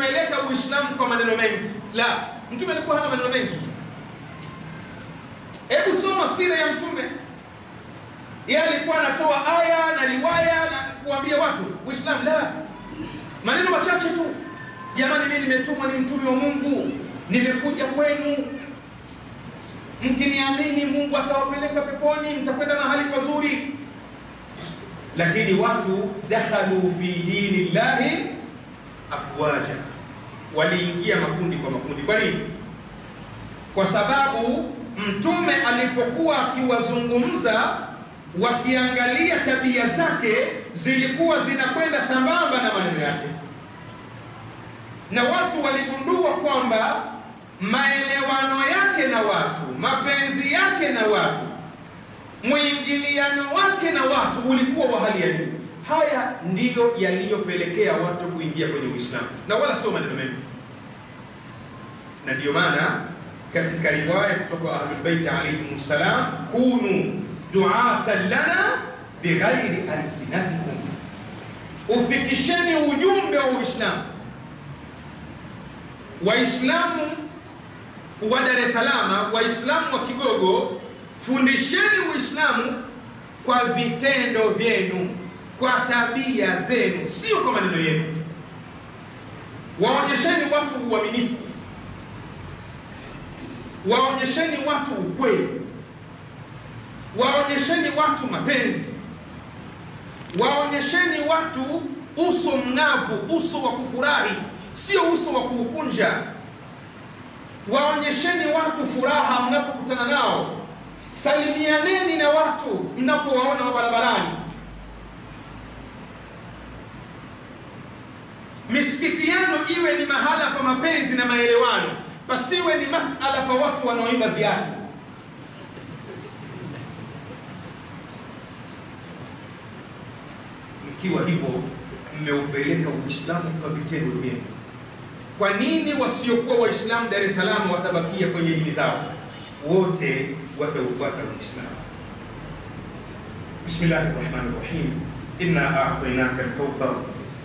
kupeleka Uislamu kwa maneno mengi, la mtume alikuwa hana maneno mengi. Hebu soma sira ya mtume, yeye alikuwa anatoa aya na riwaya na kuambia watu Uislamu, la maneno machache tu. Jamani, mimi nimetumwa, ni mtume wa Mungu, nimekuja kwenu, mkiniamini Mungu atawapeleka peponi, mtakwenda mahali pazuri. Lakini watu dakhalu fi dini llahi afuaja waliingia makundi kwa makundi. Kwa nini? Kwa sababu Mtume alipokuwa akiwazungumza wakiangalia tabia zake zilikuwa zinakwenda sambamba na maneno yake, na watu waligundua kwamba maelewano yake na watu, mapenzi yake na watu, mwingiliano wake na watu ulikuwa wa hali ya juu. Haya ndiyo yaliyopelekea watu kuingia kwenye Uislamu na wala sio maneno mengi, na ndiyo maana katika riwaya kutoka Ahlul Bait alayhi kunu du'atan lana bighairi alsinatikum, ufikisheni ujumbe wa Uislamu. Waislamu wa Dar es Salaam, Waislamu wa Kigogo, fundisheni Uislamu kwa vitendo vyenu kwa tabia zenu, sio kwa maneno yenu. Waonyesheni watu uaminifu, waonyesheni watu ukweli, waonyesheni watu mapenzi, waonyesheni watu uso mng'avu, uso wa kufurahi, sio uso wa kuukunja. Waonyesheni watu furaha mnapokutana nao, salimianeni na watu mnapowaona barabarani. misikiti yenu iwe ni mahala pa mapenzi na maelewano, pasiwe ni masala pa watu wanaoiba viatu. Mkiwa hivyo mmeupeleka Uislamu kwa vitendo vyenu. Kwa nini wasiokuwa Waislamu Dar es Salaam watabakia kwenye dini zao? Wote wataufuata Uislamu. bismillahi rahmani Rahim, inna a'tainaka al kawthar